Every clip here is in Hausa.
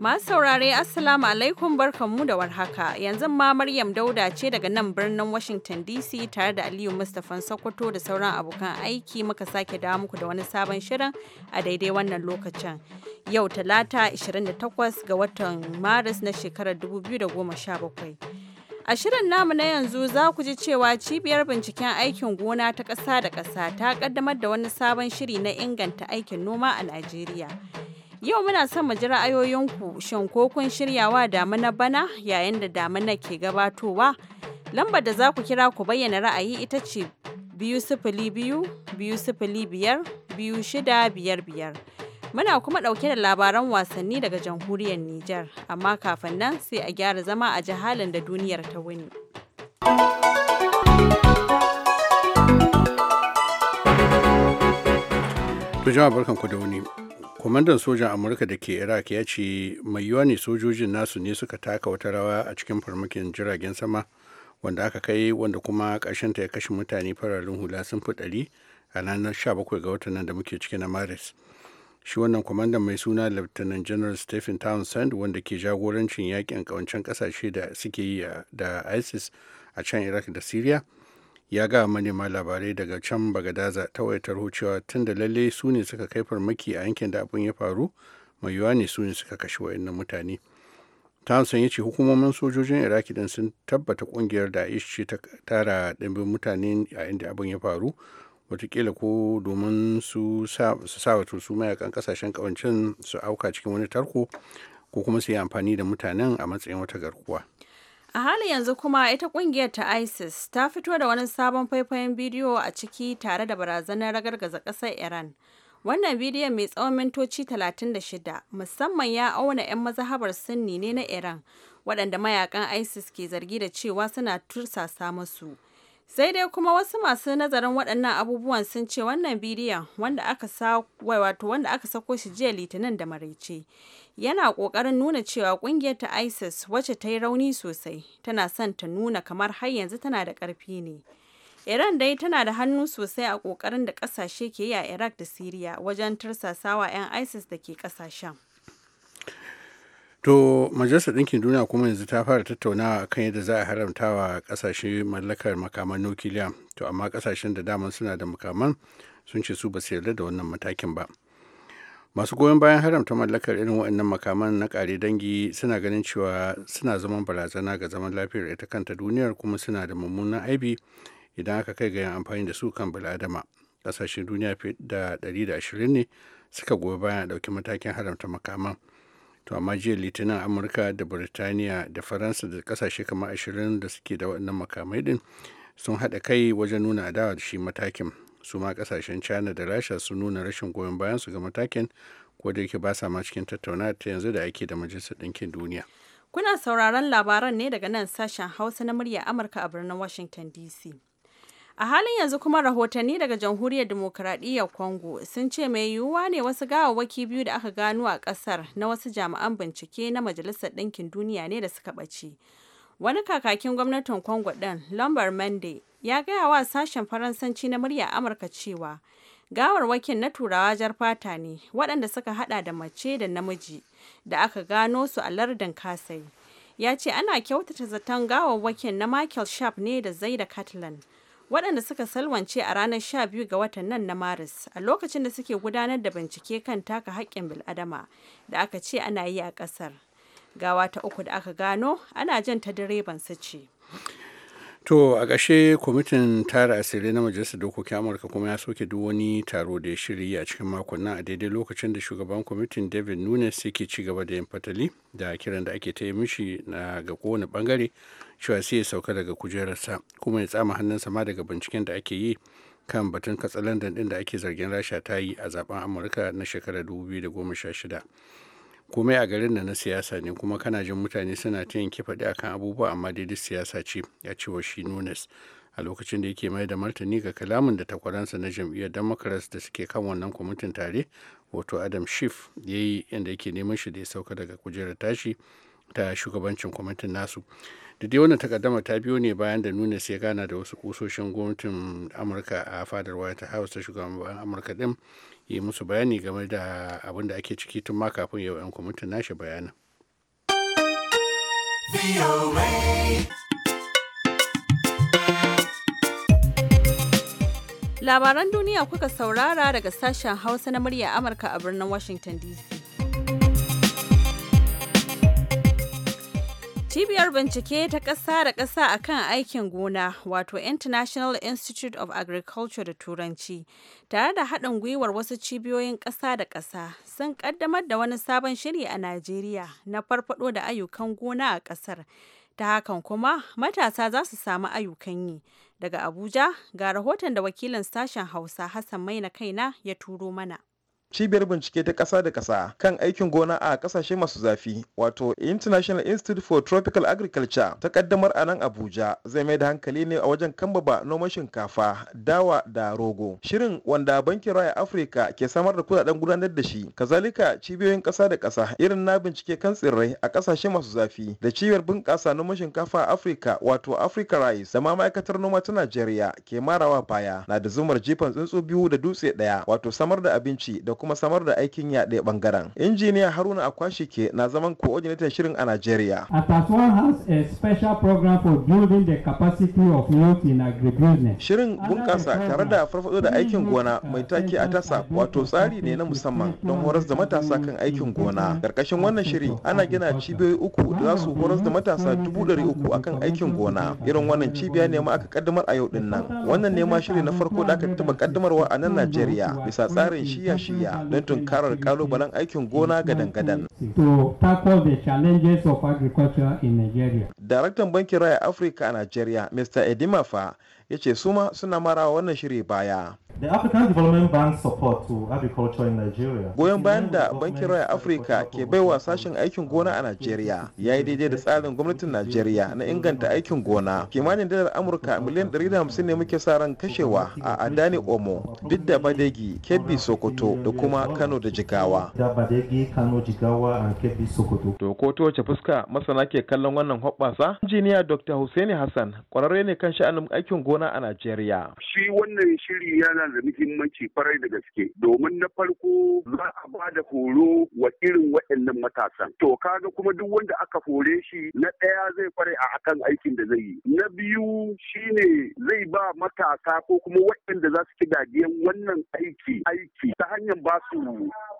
Masu saurare Assalamu alaikum barkanmu da warhaka. Yanzu ma Maryam Dauda ce daga nan birnin Washington DC tare da Aliyu Mustapha Sokoto da sauran abokan aiki muka sake dawo muku da wani sabon shirin a daidai wannan lokacin. Yau Talata 28 ga watan Maris na shekarar 2017. A shirin namu na yanzu za ku ji cewa cibiyar binciken aikin gona ta ƙasa da ƙasa ta ƙaddamar da wani sabon shiri na inganta aikin noma a Najeriya. Yau muna son mu ji ra'ayoyinku shin ko kun shiryawa na bana yayin da damuna ke gabatowa? Lambar da za ku kira ku bayyana ra'ayi ita ce biyu sifili biyu biyu sifili biyar biyu shida biyar biyar. Muna kuma ɗauke da labaran wasanni daga jamhuriyar Nijar, amma kafin nan sai a gyara zama a jihalin da duniyar ta wuni. Tujama barkan barkanku da wuni. kwamandan sojan amurka da ke iraq ya ce mai yiwa ne sojojin nasu ne suka taka wata rawa a cikin farmakin jiragen sama wanda aka kai wanda kuma ta ya kashe mutane fararen hula sun fi ɗari a ranar 17 ga watan nan da muke ciki na maris shi wannan kwamandan mai suna lieutenant general stephen townsend wanda ke jagorancin yakin kawancen ƙasashe da suke yi da isis a can iraq da syria ya ga manema labarai daga can bagadaza ta waitar cewa tun da lalle su ne suka kai farmaki a yankin da abin ya faru mai yiwuwa ne su ne suka kashe wayannan mutane thompson ya ce hukumomin sojojin iraki din sun tabbata kungiyar daesh ce ta tara ɗimbin mutane a inda abin ya faru watakila ko domin su sa wato su mayakan kasashen kawancin su auka cikin wani tarko ko kuma su yi amfani da mutanen a matsayin wata garkuwa A halin yanzu kuma ita kungiyar ta ISIS ta fito da wani sabon faifayen bidiyo a ciki tare da barazanar ragargaza ƙasar Iran. Wannan bidiyon mai tsawon mintoci 36 musamman ya auna 'yan mazahabar Sunni ne na Iran waɗanda mayakan ISIS ke zargi da cewa suna tursasa musu. Sai dai kuma wasu masu nazarin waɗannan abubuwan sun ce wannan bidiyon, wanda aka sako shi jiya Litinin da maraice, yana ƙoƙarin nuna cewa ƙungiyar ta ISIS, wacce ta yi rauni sosai, tana son ta nuna kamar har yanzu tana da ƙarfi ne. Iran dai tana da hannu sosai a ƙoƙarin da ƙasashe ke yi a Iraq da Siriya wajen tursasawa 'yan ISIS da ke ƙasashen. To Majalisar Ɗinkin Duniya kuma yanzu ta fara tattaunawa kan yadda za a haramta wa ƙasashe mallakar makaman nukiliya. To amma ƙasashen da dama suna da makaman sun ce su ba su yarda da wannan matakin ba. Masu goyon bayan haramta mallakar irin waɗannan makaman na ƙare dangi suna ganin cewa suna zaman barazana ga zaman lafiyar ita kanta duniyar kuma suna da mummunan aibi idan aka kai ga yin amfani da su kan bil'adama. Ƙasashen duniya da fiye da ashirin ne suka goyi bayan a ɗauki matakin haramta makaman. to amma jiya litinin amurka da birtaniya da faransa da kasashe kamar ashirin da suke da waɗannan makamai din sun haɗa kai wajen nuna adawa da shi matakin su ma kasashen china da rasha sun nuna rashin goyon bayan su ga matakin ko da yake ba sa ma cikin tattauna ta yanzu da ake da majalisar ɗinkin duniya kuna sauraron labaran ne daga nan sashen hausa na murya amurka a birnin washington dc A halin yanzu kuma rahotanni daga Jamhuriyar Demokuraɗiyyar Kongo sun ce mai yiwuwa ne wasu gawawwaki biyu da aka gano a ƙasar na wasu jami'an bincike na Majalisar Ɗinkin Duniya ne da suka ɓace. Wani kakakin gwamnatin Kongo ɗin, Lambert Mende, ya gaya wa sashen Faransanci na murya Amurka cewa gawarwakin na turawa jar fata ne waɗanda suka haɗa da mace da namiji da aka gano su a lardin kasai ya ce ana kyautata zaton gawarwakin na michael sharp ne da zaida catalan waɗanda suka salwance a ranar 12 ga watan nan na maris a lokacin da suke gudanar da bincike kan taka haƙƙin bil'adama da aka ce ana yi a ƙasar gawa ta uku da aka gano ana jan ta direban su ce to a ƙashe kwamitin tara asirai na majalisar dokokin amurka kuma ya soke duk wani taro da ya shirya a cikin makonnin a daidai lokacin da shugaban kwamitin david nunes yake ci gaba da yin fatali da kiran da ake ta yi mishi na ga kowane bangare cewa sai ya sauka daga kujerarsa kuma ya tsama hannunsa ma daga binciken da ake yi kan batun katsalandan din da ake zargin rasha ta yi a zaben amurka na shekarar 2016 komai a garin da na siyasa ne kuma kana jin mutane suna ta yanke faɗi akan abubuwa amma daidai siyasa ce ya cewa shi nunes a lokacin da yake mai da martani ga kalamin da takwaransa na jam'iyyar democrats da suke kan wannan kwamitin tare wato adam schiff ya yi inda yake neman shi da ya sauka daga kujerar tashi ta shugabancin kwamitin nasu da dai wannan takaddama ta biyo ne bayan da nunes ya gana da wasu kusoshin gwamnatin amurka a fadar white house ta shugaban amurka din yi musu bayani game da abin da ake ciki tun ma kafin yau 'yan kwamitin nashi bayanin. Labaran duniya kuka saurara daga sashen Hausa na murya Amurka a birnin Washington DC. Cibiyar bincike ta ƙasa da ƙasa a kan aikin gona, wato International Institute of Agriculture da Turanci, tare da haɗin gwiwar wasu cibiyoyin ƙasa da ƙasa, sun ƙaddamar da wani sabon shiri a Najeriya na farfaɗo da ayyukan gona a ƙasar. Ta hakan kuma, matasa za su samu ayyukan yi. Daga Abuja, ga rahoton da wakilin sashen Hausa Hassan Maina Kaina ya turo mana. cibiyar bincike ta ƙasa da ƙasa kan aikin gona a ƙasashe masu zafi wato international institute for tropical agriculture ta kaddamar a nan abuja zai mai da hankali ne a wajen kambaba noman shinkafa dawa da rogo shirin wanda bankin raya afirka ke samar da kudaden gudanar da shi kazalika cibiyoyin ƙasa da ƙasa irin na bincike kan tsirrai a ƙasashe masu zafi da cibiyar bunƙasa noman shinkafa a afirka wato africa rice da ma ma'aikatar noma ta najeriya ke marawa baya na da zumar jifan tsuntsu biyu da dutse ɗaya wato samar da abinci da kuma kuma samar da aikin ya ɗaya bangaren. Injiniya Haruna Akwashi ke na zaman coordinator shirin a Najeriya. Ataswan has a special program for building the capacity of youth in agribusiness. Shirin bunƙasa tare da farfaɗo da aikin gona uh, mai take a tasa uh, uh, wato tsari ne na musamman don horas da matasa kan aikin gona. Karkashin wannan shiri ana gina cibiyoyi uku da za su horas da matasa dubu ɗari uku akan aikin gona. Irin wannan cibiya ne ma aka kaddamar a yau ɗin nan. Wannan ne ma shiri na farko da aka taɓa kaddamarwa a nan Najeriya bisa tsarin shiya-shiya tarayya don tunkarar kalubalen aikin gona gadan-gadan. Daraktan Bankin Raya Afirka a Najeriya, Mr. Edimafa, ya ce suma suna marawa wannan shiri baya. The African Development Bank support to Goyon bayan da Bankin Raya Afirka ke baiwa sashen aikin gona a Najeriya ya yi daidai da tsarin gwamnatin Najeriya na inganta aikin gona. Kimanin dalar Amurka miliyan 150 ne muke sa ran kashewa a Adani Omo, Bidda Badegi, Kebbi Sokoto da kuma Kano da Jigawa. Da Badegi, To ko fuska masana ke kallon wannan hoɓɓasa? Injiniya Dr. Hussaini Hassan kwararre ne kan sha'anin aikin gona a Najeriya. Shi wannan shiri yana yana da muhimmanci farai da gaske domin na farko za a ba da horo wa irin waɗannan matasan to kaga kuma duk wanda aka hore shi na ɗaya zai fara a akan aikin da zai yi na biyu shine zai ba matasa ko kuma waɗanda za su ci gajiyan wannan aiki aiki ta hanyar ba su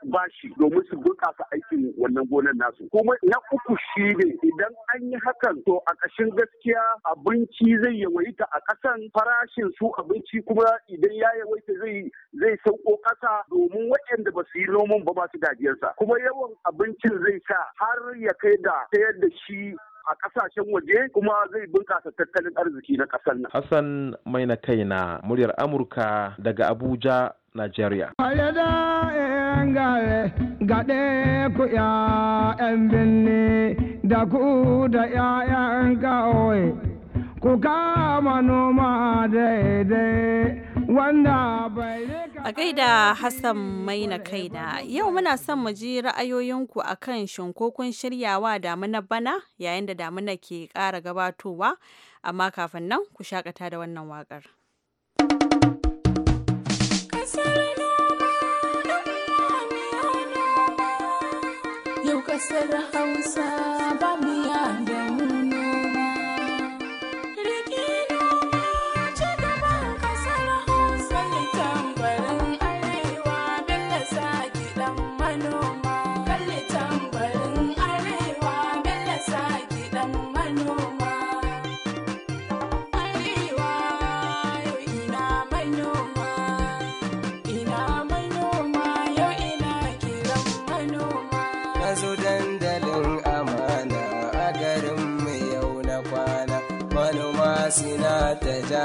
bashi domin su bunƙasa aikin wannan gonar nasu kuma na uku shine idan an yi hakan to a ƙashin gaskiya abinci zai yawaita a ƙasan farashin su abinci kuma idan ya yawaita yake zai zai sauko ƙasa domin waɗanda ba su yi noman ba ba su gajiyarsa kuma yawan abincin zai sa har ya kai da sayar da shi a kasashen waje kuma zai bunkasa tattalin arziki na ƙasar nan. Hassan mai na kai na muryar Amurka daga Abuja, Najeriya. Eh, gaɗe ku ‘ya'yan binne da ku da ‘ya'yan kawai ku kama noma daidai A gaida Hassan mai Maina kaina, yau muna son mu ji ra'ayoyinku a kan shinkokun shiryawa damuna bana yayin da damuna ke ƙara gabatowa, amma kafin nan ku shakata da wannan waƙar. Yau ƙasar Hausa.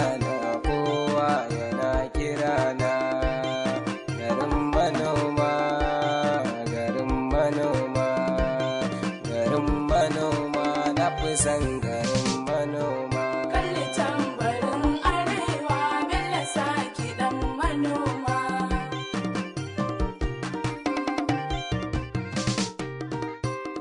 na kowa yana kira na garin manoma garin manoma garin manoma na fi san garin manoma kalli tambarin arewa bella sake dan manoma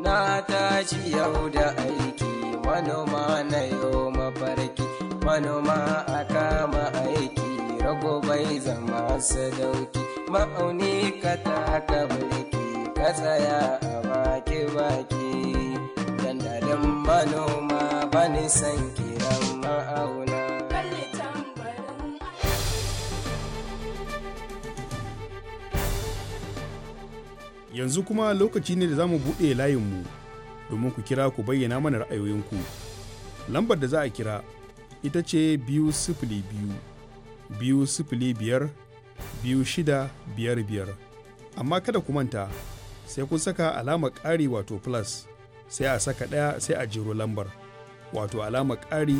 na tashi yau da aiki manoma na yau mafarki manoma a kama aiki rago bai zama sadauki ma'auni ka taka birki ka tsaya a baki baki dandalin manoma ba nisan kiran ma'auna yanzu kuma lokaci ne da za mu buɗe layinmu domin ku kira ku bayyana mana ra'ayoyinku lambar da za a kira ita ce biyu sifili biyu biyu sifili biyar biyu shida biyar biyar amma kada ku manta sai kun saka alama ƙari wato plus sai a saka ɗaya sai a jiro lambar wato alama ƙari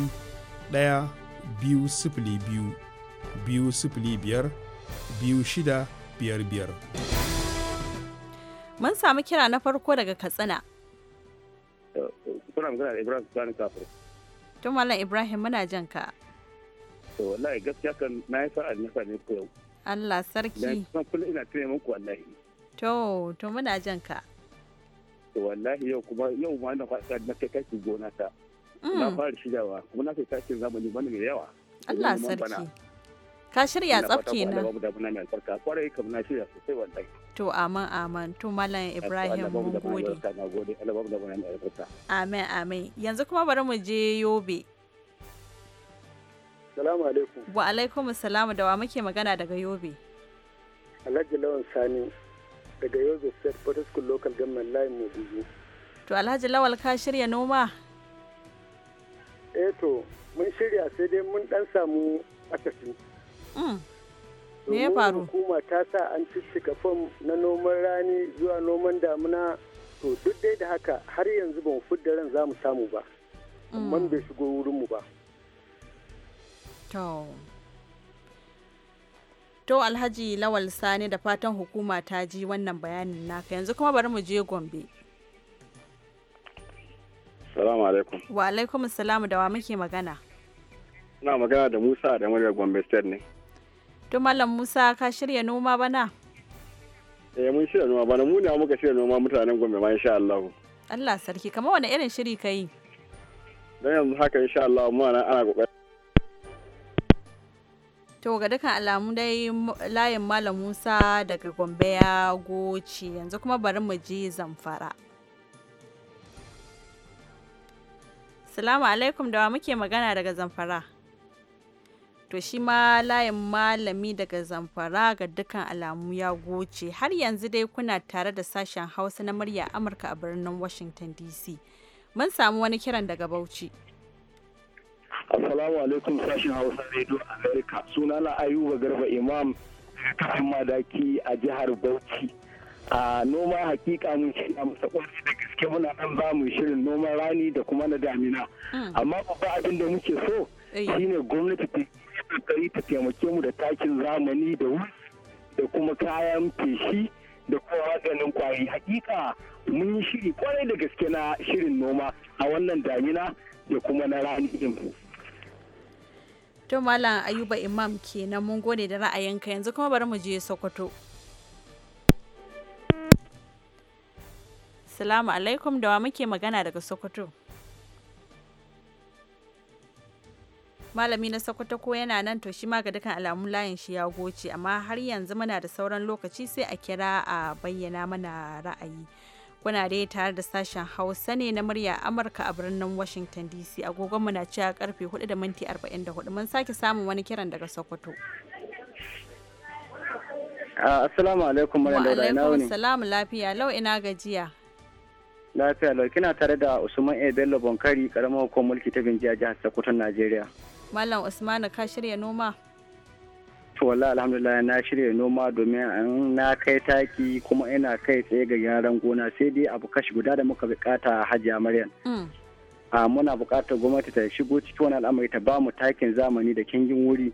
ɗaya biyu sifili biyu biyu sifili biyar biyu shida biyar biyar. Mun sami kira na farko daga Katsina. Eh, kuna magana da Ibrahim Sani Kafir. tun Malam Ibrahim muna jan ka. To wallahi gaskiya kan na yi sa'a na sa ne ku yau. Allah sarki. Na kullum ina tuna muku wallahi. To to muna jan ka. To wallahi yau kuma yau ma na kwasa na kai kai gona ta. Mm. Na fara shiryawa kuma na kai kai zamani bane mai yawa. Allah sarki. Ka shirya tsafke kenan. Ina fata kuma da babu da muna mai albarka kwarai kam na shirya sosai wallahi. To amin amin to Malam Ibrahim gode. Amin amin yanzu kuma bari mu je Yobe. Salamu alaikum. Wa alaikum salamu da wa muke magana daga Yobe. Alhaji Lawan Sani daga Yobe State Port School Local Government Line biyu. To Alhaji Lawal ka shirya noma? Eh to mun shirya sai dai mun dan samu akasin. Mm. Me ya faru? Hukuma ta sa an cika fam na noman rani zuwa noman damuna to duk dai da haka har yanzu ban fudda ran za mu samu ba. Amma mm. bai shigo wurin mu ba. To. Alhaji Lawal Sani da fatan hukuma ta ji wannan bayanin naka yanzu kuma bari mu je Gombe. Salamu alaikum. Wa alaikum salamu da wa muke magana. Ina magana da Musa da Murya Gombe State ne. to Malam Musa ka shirya noma bana? Eh mun shirya noma bana mu ne muka shirya noma mutanen Gombe ma insha Allah. Allah sarki kamar wani irin shiri ka yi? Dan yanzu haka insha Allah mu ana ana kokari. To ga dukkan alamu dai layin Malam Musa daga Gombe ya goce yanzu kuma bari mu je Zamfara. Salamu alaikum da wa muke magana daga Zamfara. to shi ma layin malami daga zamfara ga dukkan alamu ya goce har yanzu dai kuna tare da sashen hausa na murya amurka a birnin washington dc mun samu wani kiran daga bauchi assalamu alaikum sashen hausa radio america suna na ayuba garba imam kafin madaki a jihar bauchi a noma hakika mun shirya masa kwarai da gaske muna nan ba mu shirin noman rani da kuma na damina mm. amma babba abin da muke so eh. shine gwamnati ta kokari ta taimake mu da takin zamani da wuri da kuma kayan feshi da kuma maganin kwari hakika mun yi shiri kwarai da gaske na shirin noma a wannan damina da kuma na rani to malam ayuba imam kenan mun gode da ra'ayinka yanzu kuma bari mu je sokoto salamu alaikum da wa muke magana daga sokoto malami na sokoto ko yana nan to shi ma ga dukkan alamun layin shi ya goce amma har yanzu muna da sauran lokaci sai a kira a bayyana mana ra'ayi kuna dai tare da sashen hausa ne na murya amurka a birnin washington dc agogonmu na cewa karfe 4 da minti 44 mun sake samun wani kiran daga sokoto assalamu alaikum maryam dauda ina wuni assalamu lafiya lau ina gajiya lafiya lau kina tare da usman e bello bonkari karamar hukumar mulki ta binjiya jihar sokoton najeriya Malam Usmanu ka shirya noma? to alhamdulillah na shirya noma domin an na kai taki kuma ina kai tsaye ga gyaran gona sai dai abu kashi guda da muka bukata hajiya maryam mm. a muna bukatar gwamnati ta shigo cikin wani al'amari ta ba mu takin zamani da kingin wuri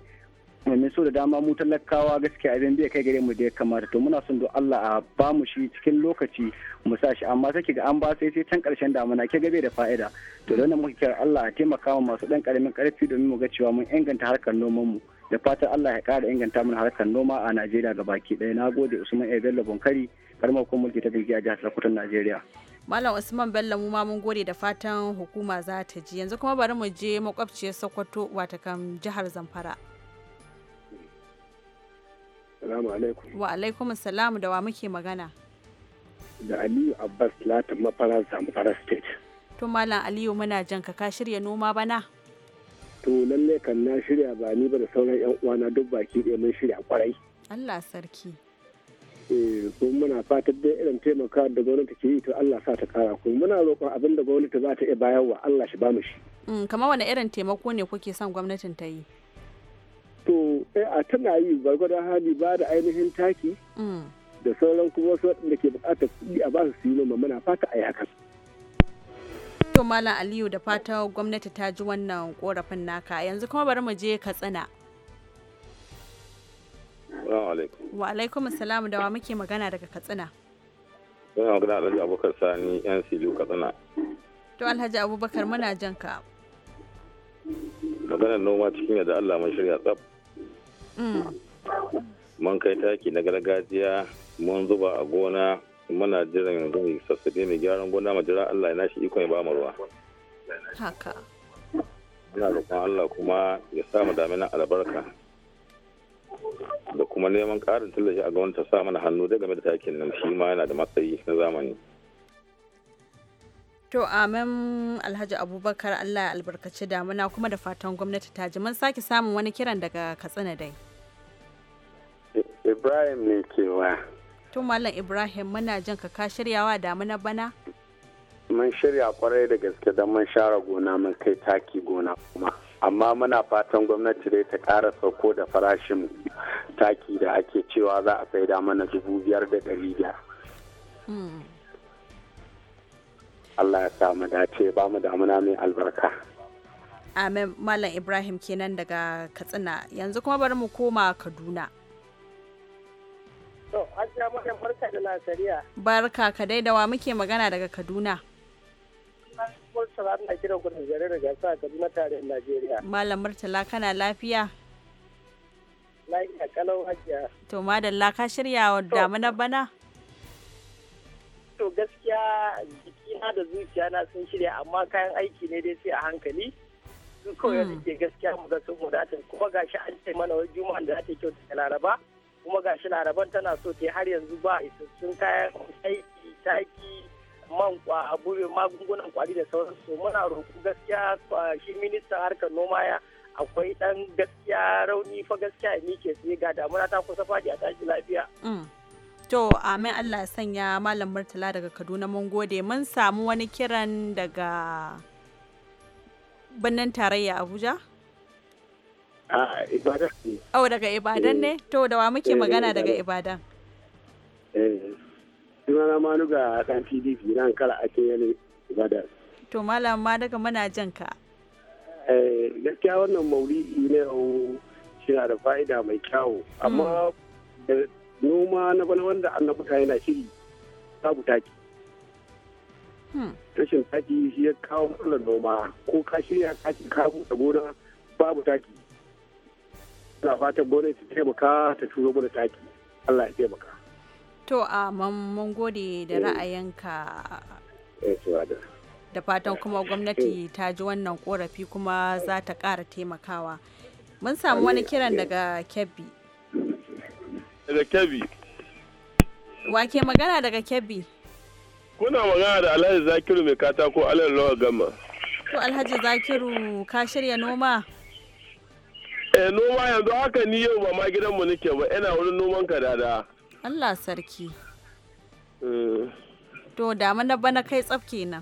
mai so da dama mu talakawa gaskiya abin bai kai gare mu da ya kamata to muna son don Allah a ba mu shi cikin lokaci mu sa shi amma sai ga an ba sai sai can karshen damuna ke gabe da fa'ida to don nan muke kira Allah a taimaka wa masu dan karamin karfi domin mu ga cewa mun inganta harkar noman mu da fatan Allah ya kara inganta mana harkar noma a Najeriya baki ɗaya na gode Usman Ebello Bonkari karmar kuma mulki ta Bilgiya jihar Sokoto Najeriya Malam Usman Bello mu ma mun gode da fatan hukuma za ta ji yanzu kuma bari mu je makwabciyar Sokoto wata kan jihar Zamfara asalamu alaikum. Wa alaikum salamu da wa muke magana. Da Aliyu Abbas Latin mafara Zamfara State. To Malam Aliyu muna jan ka ka shirya noma bana? To lalle kan na shirya ba ni ba da sauran 'yan uwana duk baki ɗaya mun shirya kwarai. Allah sarki. eh kuma muna fatan dai irin taimaka da gwamnati ke yi to Allah sa ta kara kuma muna roƙon abin da gwamnati za ta iya bayarwa Allah shi ba mu shi. Mm, kamar wani irin taimako ne kuke son gwamnatin ta yi? Eh, a tana yi gwargwadon hali ba da ainihin taki mm. da sauran kuma wasu waɗanda ke buƙatar kuɗi a ba su su yi noma muna fata a yi hakan. To Malam Aliyu da fata gwamnati ta ji wannan korafin naka yanzu kuma bari mu je Katsina. Wa alaikum salam da wa muke magana daga Katsina. Muna magana Alhaji Abubakar Sani yan Siliu Katsina. To Alhaji Abubakar muna jan ka. Maganar noma cikin yadda Allah mai shirya tsaf. Mm. Mun kai taki na gargajiya mun zuba a gona muna jiran yanzu sassabe mai gyaran gona mu jira Allah ya nashi iko ya ba ruwa haka ina roƙon Allah kuma ya sa mu damina albarka da kuma neman ƙarin tallafi a gwamnati ta sa mana hannu da game da takin nan shi ma yana da matsayi na zamani To amin Alhaji Abubakar Allah ya albarkaci damuna kuma da fatan gwamnati ta ji mun sake samun wani kiran daga Katsina dai. Ibrahim ne kewa. Tun Malam Ibrahim muna jin ka ka shiryawa na bana? Mun shirya kwarai da gaske don mun share gona mun kai taki gona kuma. Amma muna fatan gwamnati dai ta ƙara sauko da farashin taki da ake cewa za a da mana dubu biyar da ɗari biyar. Hmm. Allah ya sa dace ba mu damuna mai albarka. Amin Malam Ibrahim kenan daga Katsina yanzu kuma bari mu koma Kaduna. To, Hajiya Maryam barka da lasariya. Barka ka dai da wa muke magana daga Kaduna. Murtala na kiran ku daga sa Gasa Kaduna tare Najeriya. Malam Murtala kana lafiya? Lafiya kalau Hajiya. To, madalla ka shirya wa damuna bana? To, gaskiya jikina da zuciya na sun shirya amma kayan aiki ne dai sai a hankali. Su kawai da hmm. ke gaskiya mu ga sun wadatar kuma gashi an ce mana wai juma'an da ake kyautata laraba. kuma gashi laraban tana so ta har yanzu ba isassun kayan aiki taki man kwa magungunan kwari da sauransu muna roƙo gaskiya shi ministan harkar noma ya akwai dan gaskiya rauni fa gaskiya ne ke sai ga damuna ta kusa faɗi a tashi lafiya. Mm. To amin Allah ya sanya Malam Murtala daga Kaduna mun gode mun samu wani kiran daga birnin tarayya Abuja. A'a, Ibadan ne. Oh, Au, daga Ibadan ne? Eh. To, da wa muke eh, magana eh, daga Ibadan? Eh, sunana ga kan PDP nan kala ake yanayi Ibadan. To, malam ma daga muna jan ka. Eh, gaskiya wannan mauli'i ne yana da fa'ida mai kyawu, amma hmm. noma na bana wanda annabuta yana shiri babu taki. Hmm. Rashin taki shi ya kawo matsalar noma ko ka shirya ka ci ka buɗe gona babu taki. na fatan gwamnati ta taimaka ta turo mana taki Allah ya taimaka to a mamman gode da eh. ra'ayinka eh, da fatan kuma gwamnati eh. ta ji wannan korafi kuma za ta ƙara taimakawa mun samu wani kiran daga kebbi daga kebbi wake magana daga kebbi kuna magana da alhaji zakiru mai katako alal lawa gama to alhaji zakiru ka shirya noma eh noma yanzu haka ni yau ba ma gidanmu nake ba ina wurin noman ka dada Allah sarki eh. to da mana bana kai tsaf kenan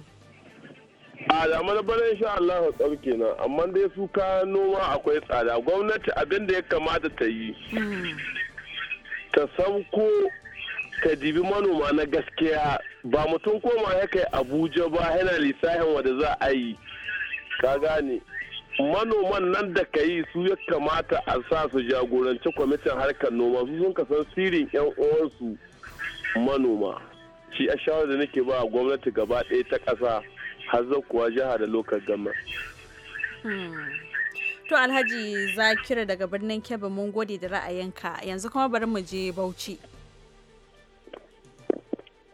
a da mana bana insha Allah tsaf kenan amma dai su ka noma akwai tsada gwamnati abin da ya kamata ta yi ta sauko ka dibi manoma na gaskiya ba mutum koma ya kai abuja ba yana lissafin wanda za a yi ka gane manoman nan da ka yi su ya kamata a sa su jagoranci kwamitin harkar noma su sun kasan sirin yan uwansu manoma shi a shawar da nake ba gwamnati gaba ɗaya ta ƙasa har zan kuwa jiha da lokar gama. Hmm. to alhaji zakira daga birnin kebbi mun gode da ra'ayinka yanzu kuma bari mu je bauchi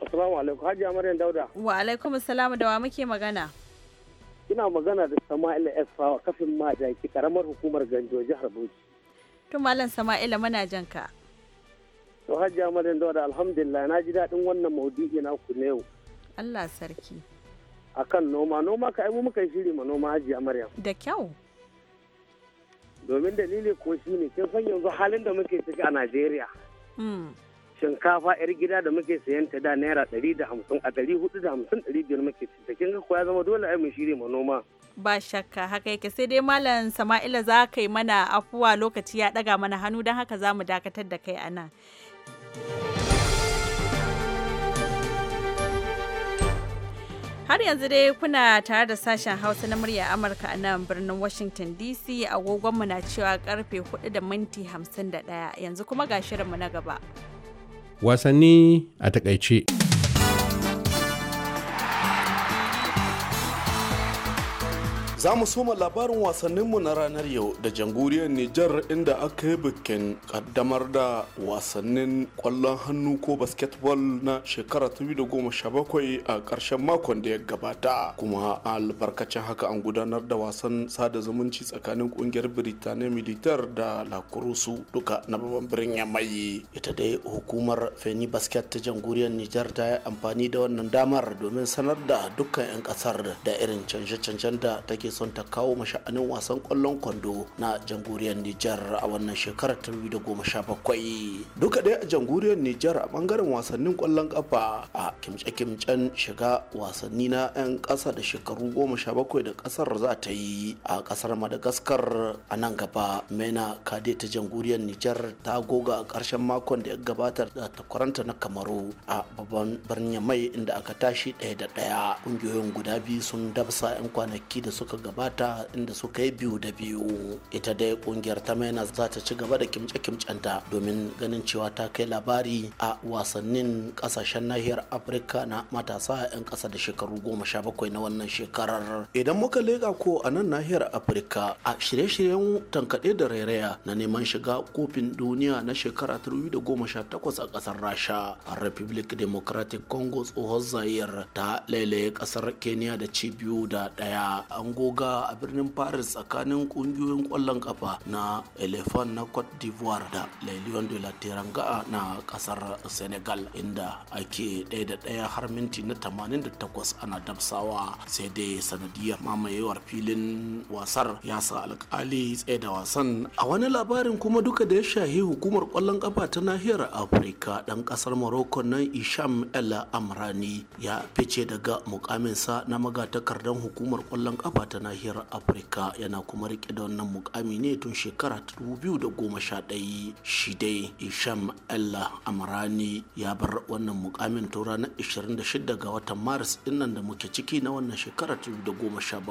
assalamu alaikum Hajji maryam dauda wa alaikum salamu da wa muke magana Ina magana da sama'il esfawa kafin majaki karamar hukumar Ganjo jihar Bauchi. Tun Malam Sama'ila muna jan ka. To Hajiya Madan Dauda alhamdulillah na ji daɗin wannan maudu'i na ku yau. Allah sarki. Akan noma noma ka aimu muka shiri ma noma Hajiya Maryam. Da kyau. Domin dalili ko ne, kin san yanzu halin da muke ciki a Najeriya. Mm. shinkafa yar gida da muke sayan ta da naira ɗari da hamsin a ɗari hudu da hamsin ɗari biyar muke ci ta kinga ko ya zama dole ai mu shirya ma noma. Ba shakka haka yake sai dai malam Sama'ila za ka yi mana afuwa lokaci ya ɗaga mana hannu don haka za mu dakatar da kai a Har yanzu dai kuna tare da sashen Hausa na murya Amurka a nan birnin Washington DC agogonmu na cewa karfe 4 da minti 51 yanzu kuma ga shirinmu na gaba. wasanni a takaice. Za mu soma labarin wasanninmu na ranar yau da janguriyar Nijar inda aka yi bikin kaddamar da wasannin kwallon hannu ko basketball na shekara 2017 a ƙarshen makon da ya gabata. Kuma albarkacin haka an gudanar da wasan sada zumunci tsakanin kungiyar Birtaniya Militar da Lakurusu duka na babban birnin Yamai. Ita dai hukumar Feni Basket ta janguriyar Nijar ta yi amfani da wannan damar domin sanar da dukkan 'yan ƙasar da irin canje-canjen da take son ta kawo masha'anin wasan kwallon kwando na jamhuriyar Nijar a wannan shekarar ta biyu da goma sha bakwai. Duka dai a jamhuriyar Nijar a bangaren wasannin kwallon kafa a kimce-kimcen shiga wasanni na 'yan ƙasa da shekaru goma sha bakwai da ƙasar za ta yi a ƙasar Madagaskar a nan gaba Mena Kade ta jamhuriyar Nijar ta goga a ƙarshen makon da ya gabatar da takwaranta na Kamaru a babban birnin Mai inda aka tashi ɗaya da ɗaya. Ƙungiyoyin guda biyu sun dabsa 'yan kwanaki da suka gabata inda suka yi biyu da biyu ita dai kungiyar ta maina za ta ci gaba da kimce-kimcenta domin ganin cewa ta kai labari a wasannin kasashen nahiyar afirka na matasa 'yan kasa da shekaru goma sha bakwai na wannan shekarar idan muka leƙa ko a nan nahiyar afirka a shirye-shiryen tankaɗe da rairaya na neman shiga kofin duniya na shekara takwas a ƙasar rasha a republic democratic congo tsohon zayir ta lailaye kasar kenya da cibiyu da ɗaya an goga a birnin paris tsakanin kungiyoyin kwallon kafa na elefan na cote d'ivoire da le lion de la teranga na kasar senegal inda ake ɗaya da ɗaya har minti na 88 ana damsawa sai dai sanadiyar mamayewar filin wasar ya sa alkali tsaye da wasan a wani labarin kuma duka da ya shahi hukumar kwallon kafa ta nahiyar Afrika ɗan kasar morocco nan isham el amrani ya fice daga mukaminsa na magatakardan hukumar kwallon kafa ta nahiyar afirka yana kuma rike da wannan mukami ne tun shekara ta 2011 shi dai isham allah amrani ya bar wannan mukamin tun ranar 26 ga watan maris dinnan da muke ciki na wannan shekara ta 2017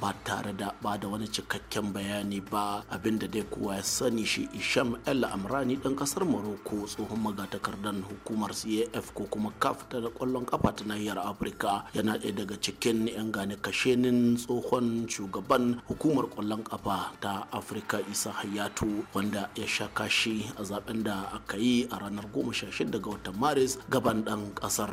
ba tare da ba da wani cikakken bayani ba abin da dai kowa ya sani shi isham allah amrani dan kasar morocco tsohon magatakardan hukumar caf ko kuma kaf ta kwallon kafa ta nahiyar afirka yana ɗaya daga cikin 'yan gane kashenin tsohon tsohon shugaban hukumar kwallon kafa ta afirka isa hayatu wanda ya sha kashi a zaben da aka yi a ranar 16 ga watan maris gaban dan kasar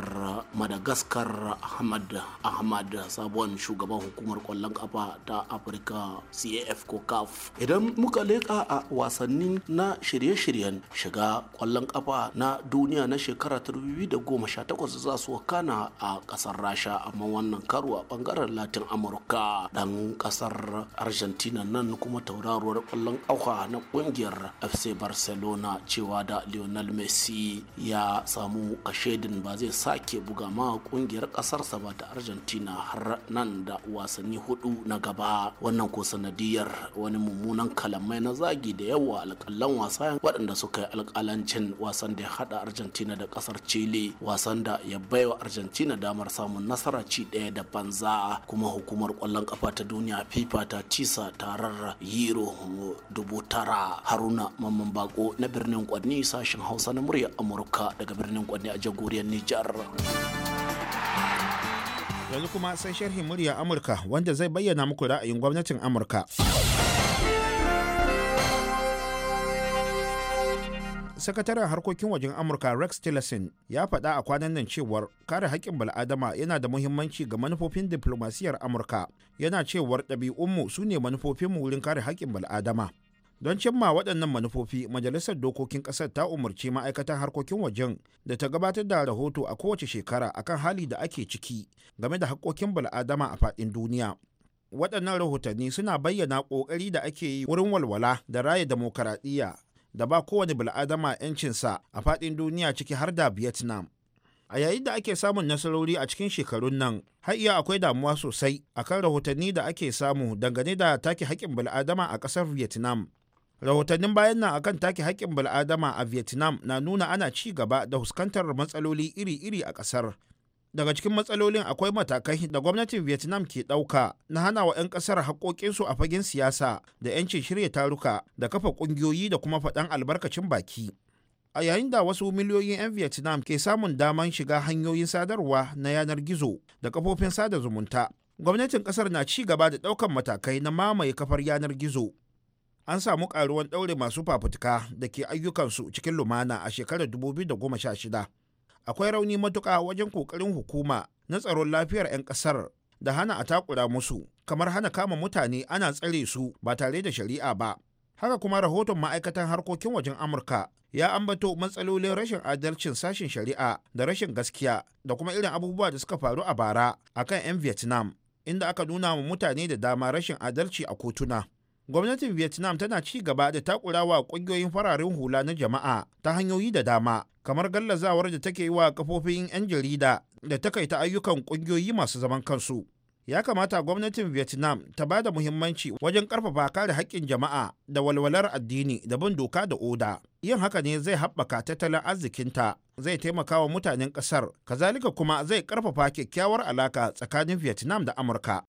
madagascar ahmad ahmad sabon shugaban hukumar kwallon kafa ta afirka caf ko caf idan muka leka a wasannin na shirye-shiryen shiga kwallon kafa na duniya na shekara 2018 za su wakana a kasar rasha amma wannan karo a bangaren latin amurka dan kasar argentina nan kuma tauraruwar kwallon ƙauka na kungiyar fc barcelona cewa da lionel messi ya samu kashedin ba zai sake buga ma kungiyar kasarsa ba ta argentina har nan da wasanni hudu na gaba wannan ko sanadiyar wani mummunan kalamai na zagi da yawa alƙalan wasa waɗanda suka yi alkalancin wasan da ya haɗa argentina da ƙasar chile wasan da ya baiwa argentina damar samun nasara ci ɗaya da banza kuma hukumar ƙwallon kwallon kafa ta duniya fifa ta cisa tarar euro dubu tara haruna mamman bako na birnin kwanni sashen hausa na murya amurka daga birnin kwanni a jagoriyar nijar yanzu kuma sai sharhin murya amurka wanda zai bayyana muku ra'ayin gwamnatin amurka sakataren harkokin wajen amurka rex tillerson ya faɗa a kwanan nan cewar kare haƙƙin bal'adama yana da muhimmanci ga manufofin diplomasiyar amurka yana cewar ɗabi'unmu su ne manufofinmu wurin kare haƙƙin bal'adama don cimma waɗannan manufofi majalisar dokokin ƙasar ta umarci ma'aikatan harkokin wajen da ta gabatar da rahoto a kowace shekara akan hali da ake ciki game da haƙƙoƙin bal'adama a faɗin duniya waɗannan rahotanni suna bayyana ƙoƙari da ake yi wurin walwala da raya demokaradiyya da ba kowane bil'adama 'yancinsa a faɗin duniya ciki har da vietnam a yayin da ake samun nasarori a cikin shekarun nan har iya akwai damuwa sosai akan rahotanni da ake samu dangane da take haƙƙin bil'adama a ƙasar vietnam rahotannin bayan nan akan take haƙƙin bil'adama a vietnam na nuna ana ci gaba da fuskantar matsaloli iri-iri a ƙasar daga cikin matsalolin akwai matakai da gwamnatin vietnam ke ɗauka na hana wa 'yan ƙasar haƙoƙinsu a fagen siyasa da 'yancin shirya taruka da kafa ƙungiyoyi da kuma faɗan albarkacin baki a yayin da wasu miliyoyin 'yan vietnam ke samun daman shiga hanyoyin sadarwa na yanar gizo da kafofin sada zumunta gwamnatin ƙasar na ci gaba da ɗaukan matakai na mamaye kafar yanar gizo an samu ƙaruwan ɗaure masu fafutuka da ke ayyukansu cikin lumana a shekarar 2016 akwai rauni matuƙa wajen ƙoƙarin hukuma na tsaron lafiyar 'yan ƙasar da hana a takura musu kamar hana kama mutane ana tsare su ba tare da shari'a ba haka kuma rahoton ma'aikatan harkokin wajen amurka ya ambato matsalolin rashin adalcin sashen shari'a da rashin gaskiya da kuma irin abubuwa da suka faru a bara akan 'yan vietnam inda aka nuna wa mutane da dama rashin adalci a kotuna gwamnatin vietnam tana ci gaba da takura wa kungiyoyin fararen hula na jama'a ta hanyoyi da dama kamar gallazawar da take yi wa kafofin 'yan jarida da takaita ayyukan kungiyoyi masu zaman kansu ya kamata gwamnatin vietnam ta ba da muhimmanci wajen karfafa kare haƙƙin jama'a da walwalar addini da bin doka da oda yin haka ne zai haɓaka tattalin arzikinta zai taimaka wa mutanen ƙasar kazalika kuma zai karfafa kyakkyawar alaka tsakanin vietnam da amurka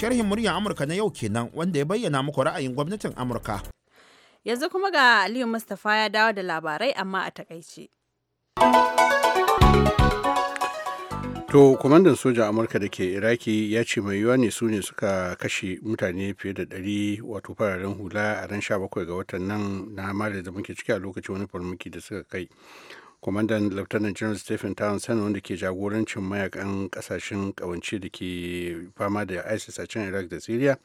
Sharhin muryar Amurka na yau kenan wanda ya bayyana muku ra'ayin gwamnatin Amurka. Yanzu kuma ga Aliyu Mustapha ya dawo da labarai amma a takaice. To, kwamandan soja Amurka da ke Iraki ya ce mai yiwuwa ne su ne suka kashe mutane fiye da ɗari wato fararen hula a ran 17 ga watan nan na mali da muke ciki a lokacin wani farmaki da suka kai. kwamandan lieutenant general stephen townsend wanda ke jagorancin mayakan kasashen kawance da ke fama da isis a can iraq da syria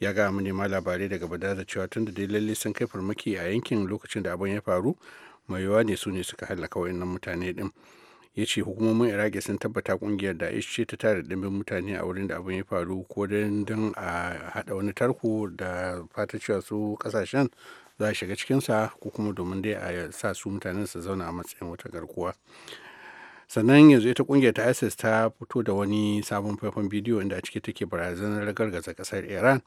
ya ga manema labarai daga badaza cewa tun da lalle sun kai farmaki a yankin lokacin da abin ya faru mai yawa ne su ne suka halaka wayannan mutane din ya ce hukumomin iraki sun tabbata kungiyar da ce ta tare dimbin mutane a wurin da abin ya faru ko don a hada wani tarko da fata cewa su kasashen za a shiga cikinsa ko kuma domin dai a sa su mutanen su zauna a matsayin wata garkuwa sannan yanzu ita kungiyar ta isis ta fito da wani sabon faifan bidiyo inda a ciki take barazanar gargaza kasar iran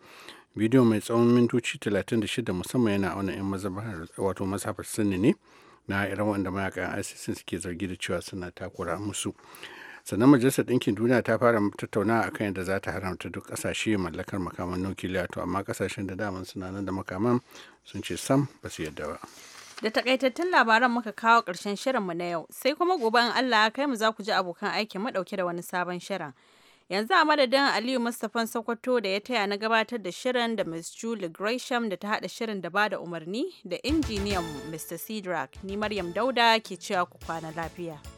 bidiyo mai tsawon mintoci 36 musamman yana auna 'yan wato mazhabar sinni ne na iran wanda mayakan isis suke zargi da cewa suna takura musu sannan majalisar ɗinkin duniya ta fara tattaunawa akan yadda za ta haramta duk ƙasashe mallakar makaman nukiliya to amma ƙasashen da daman suna nan da makaman sun ce sam ba su yadda ba da takaitattun labaran muka kawo ƙarshen mu na yau sai kuma gobe in Allah kai mu za ku ji abokan aikin mu ɗauke da wani sabon shirin yanzu a madadin aliyu mustapha sokoto da ya taya na gabatar da shirin da miss julie gresham da ta haɗa shirin da ba da umarni da injiniyan mr cedric ni maryam dauda ke cewa ku kwana lafiya